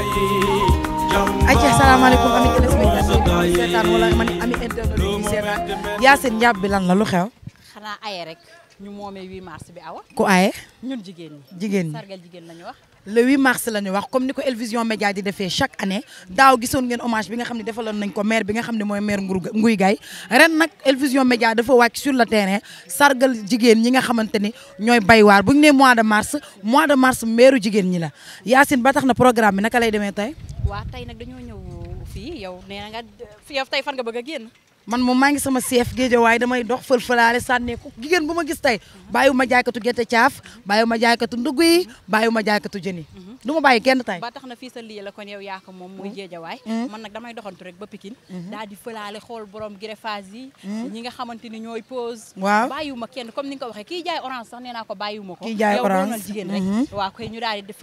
ayca salaamaaleykum ami téléspectateur ami internet yi seetaan Yacine Ndiab bi lan la lu xew. xanaa aye rek ñu moomee 8 mars bi awa. ku aye. ñun jigéen ñi. jigéen ñi sargal jigéen lañu wax. le 8 mars la ñu wax comme niko Elvision Média di defee chaque année daaw gisoon ngeen hommage bi nga xamni ne defaloon nañ ko maire bi nga xamni moy mooy maire Nguy gay ren nak Elvision Média dafa wacc sur le terrain sargal jigen ñi nga xamanteni ñoy ñooy baywaar bu ñu mois de mars mois de mars maireu jigen ñi la yassine ba tax na programme bi naka lay démé tay wa tay nak dañoo ñëw fi yow nee nga fi yow tay fan nga bëgg a man moom maa ngi sama chef géejawaay damay dox fël-fëlaale sànneeku jigéen bu ma gis tey bàyyiwu ma jaaykatu gerte caaf bàyyiwu ma jaaykatu ndugg yi ma jaaykatu jën yi mhm. bàyyi kenn tey ba tax na fii sa lii la kon yow yaa ko moom muy mhm. géejawaay mhm. man nag damay doxantu rek ba Pikine daal di xool borom greffage yi ñi nga xamante ni ñooy pause waaw bàyyiwu comme ni nga ko waxee kii jaay orange sax nee naa ko bàyyiwu ma ko jaay orange jigéen rek waaw koy ñu daal di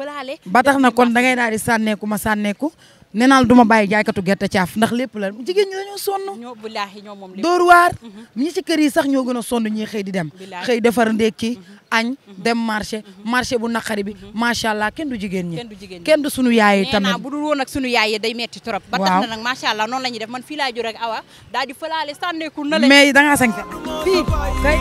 ba tax na kon da ngay daal di sànneeku ma sànneeku nee naa la du ma bàyyi jaaykatu gerte caaf ndax lépp la jigéen ñi dañoo sonn. ñoo bulaahi ñoo moom lépp dóor mhm. ñi ci kër yi sax ñoo gën a sonn ñii xëy di dem. xëy defar ndékki mhm. añ mhm. dem marché marché bu naqari bi macha allah kenn du jigéen ñi. kenn du jigéen kenn du sunu yaay yi tamit. nee bu dul woon ak sunu yaay yi day metti trop. ba tax na nag macha allah noonu la ñuy def man fii laa jur ak awa daal di falaale sànneeku na la. mais da ngaa fii kay.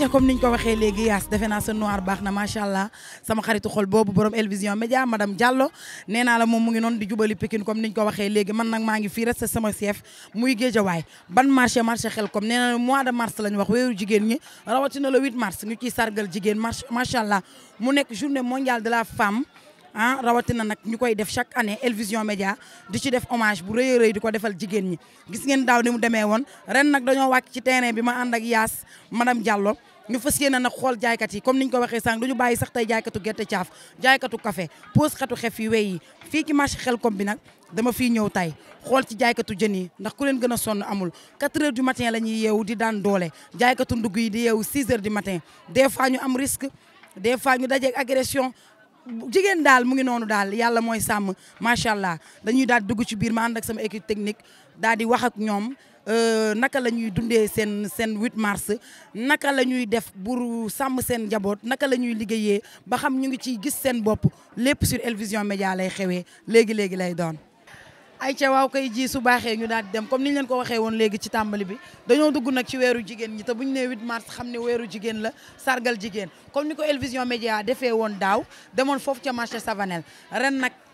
ayca comme niñ ko waxee léegi yaas defe naa sa noir baax na macha allah sama xaritu xol boobu borom Elvision Média madame Diallo neena naa la moom mu ngi noon di jubali Pikine comme niñ ko waxee léegi man nag maa ngi fii rek sa sama chef muy Géejawaay ban marché marché xel comme nee na mois de mars lañ wax wéeru jigéen ñi rawatina le 8 mars ñu ciy sargal jigéen macha allah mu nekk journée mondiale de la femme. ah rawatina nag ñu koy def chaque année Elvision Média di ci def hommage bu rëy a di ko defal jigéen ñi gis ngeen daaw ni mu demee woon ren nag dañoo wàcc ci terrain bi ma ànd ak Yaas madame Diallo ñu fas yéene nag xool jaaykat yi comme niñ ko waxee sànq duñu bàyyi sax tey jaaykatu gerte caaf jaaykatu café pause xatu xef yi wey yi fii ci marché Xelcom bi nag dama fii ñëw tay xool ci jaaykatu jën yi ndax ku leen gën a sonn amul 4 heures du matin la ñuy yeewu di daan doole jaaykatu ndugg yi di yeewu 6 heures du matin des fois ñu am risque des fois ñu dajeeg agression jigéen daal mu ngi noonu daal yàlla mooy sàmm macha allah dañuy daal dugg ci biir ma ak sama équipe technique daal di ak ñoom Euh, naka la ñuy dundee seen seen 8 mars naka la ñuy def pour sàmm seen njaboot naka la ñuy liggéeyee ba xam ñu ngi ciy gis seen bopp lépp sur El Vision lay xewee léegi léegi lay doon. ay ca waaw kay ji su baaxee ñu daal di dem comme ni ñu leen ko waxee woon léegi ci tàmbali bi dañoo dugg nag ci weeru jigéen ñi te bu ñu nee 8 mars xam ne weeru jigéen la sargal jigéen comme ni ko El Vision defee woon daaw demoon foofu ca marché Savanel ren nag.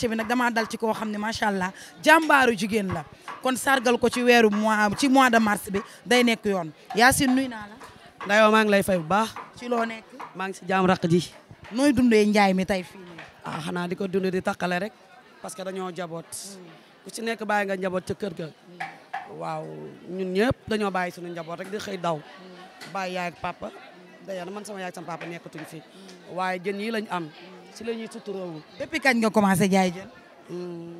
marché bi nag damaa dal ci koo xam ne macha allah jàmbaaru jigéen la kon sargal ko ci weeru mois ci mois de mars bi day nekk yoon yaa Yacine nuy naa la. Ndayoo maa ngi lay fay bu baax. ci loo nekk. maa ngi si jaam raq ji. nooy dundee njaay mi tey fii nii. ah xanaa di ko dund di takkale rek parce que dañoo jaboot. Hmm. ku ci nekk bàyyi nga njaboot ca kër ga. Hmm. waaw ñun ñëpp dañoo bàyyi suñu njaboot rek di xëy daw. Hmm. bàyyi yaay ak papa. d'ailleurs man sama yaay sama papa nekkatuñ fi. waaye jën yii lañ am. ci lañuy ñuy suturoo depuis kañ nga commencé jaay hmm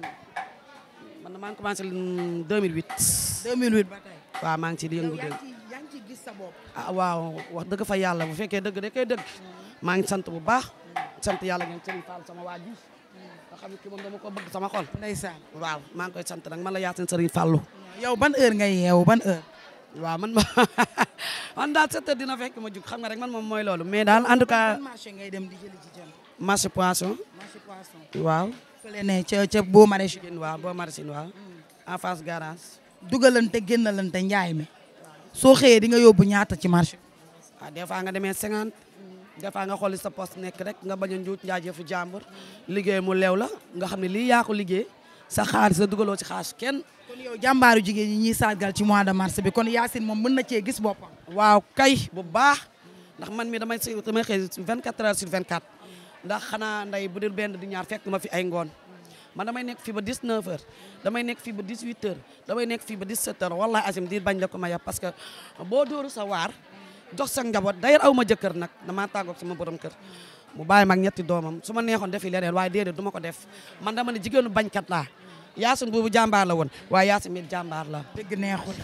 man maa ngi commencé 2008. 2008 ba tey. waaw maa ngi di yëngu deug yaa ci gis sa bop ah wa wax deug fa yalla bu fekke deug da koy dëgg. maa ngi sante bu baax. sante yalla ngeen ci Fall sama waji ji. nga xam ki kii dama ko bëgg sama xol. ndaysan wa ma ngi koy sante nak man la Yacine Serigne fallu yow ya ban heure ngay yew ya ban heure. wa man ma kan man daal sa te dina fekk ma juk xam nga rek man mom moy lolu mais dal en tout cas. marché ngay dem di jël ci jël masse poisson. marché poisson waaw. fele ne ci ci bo marché maraîchine waaw bo marché waaw. Mm. en face garage. dugalante gennalante nyaay mi. so xeye di nga yobbu ñaata ci marché. ah des fois nga demee 50 mm. des fois nga xol sa poste nek rek nga baña a njuut njaajëfu jàmbur. liggéey mu lew la nga xamni li ya ko liggéey. sa xaar sa dugalo ci xaar ken kon yow jàmbaaru jigéen ñi ñuy ci mois de mars bi kon Yacine mom mën na cee gis boppam. waaw kay bu baax ndax man mi damay damay xëy 24 heures sur 24. ndax xanaa nday bu dul benn du ñaar fekk ma fi ay ngoon man may nekk fii ba 19 heures damay nekk fii ba 18 heures damay nekk fii ba 17 heures wallahi asim di bañ la ko ma yab parce que boo dóoru sa waar jox sa njaboot d'ailleurs aw ma jëkkër nag damaa tàggoog sama borom kër mu bàyyi mag ñetti doomam su ma neexoon defi leneen waaye déedéet du ma ko def man dama ne jigéenu bañkat laa yaasin boobu jàmbaar la woon waaye yaasin it jàmbaar la dëgg neexul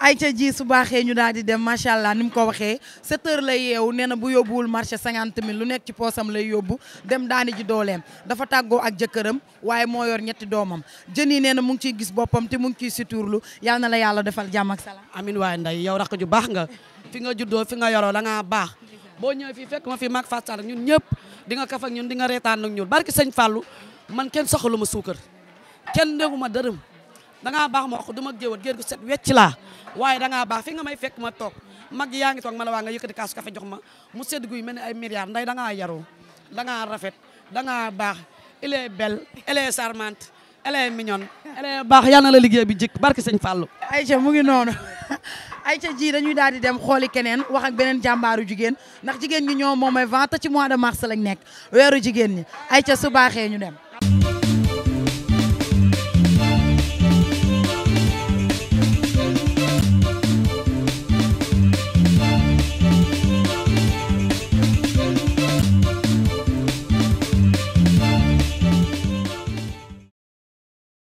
ay ayca ji su baaxee ñu daal di dem macha allah ni mu ko waxee 7 heures lay yeewu nee bu yóbbuwul marché 50 mille lu nekk ci poosam lay yóbbu dem daani ji dooleem dafa tàggoo ak jëkkëram waaye moo yor ñetti doomam jën yi nee na mu ngi ciy gis boppam te mu ngi ciy lu yal na la yàlla defal jàmm ak salaam. amin waaye nday yow rakk ju baax nga fi nga juddoo fi nga yoroo la nga baax boo ñëwee fii fekk ma fi mag Fatou Sall ñun ñëpp di nga kaf ak ñun di nga reetaan ak ñun barki sëñ Fallou man kenn soxalu ma suukar kenn déggu ma dërëm dangaa baax ma wax ko du ma géwal géer gu set wecc laa waaye dangaa baax fi nga may fekk ma toog mag yaa ngi toog ma la waa nga yëkkati kaasu kafe jox ma mu sedd guy mel ni ay milliards nday dangaa yaru dangaa rafet dangaa baax elle est belle elle est charmante elle est mignonne baax yal na la liggéey bi jik barki sëñ Fallou Aïcha mu ngi noonu Aïcha ji dañuy daal di dem xooli keneen wax ak beneen jàmbaaru jigéen ndax jigéen ñi ñoo moom may vente ci mois de mars lañ nekk weeru jigéen ñi Aïcha su baaxee ñu dem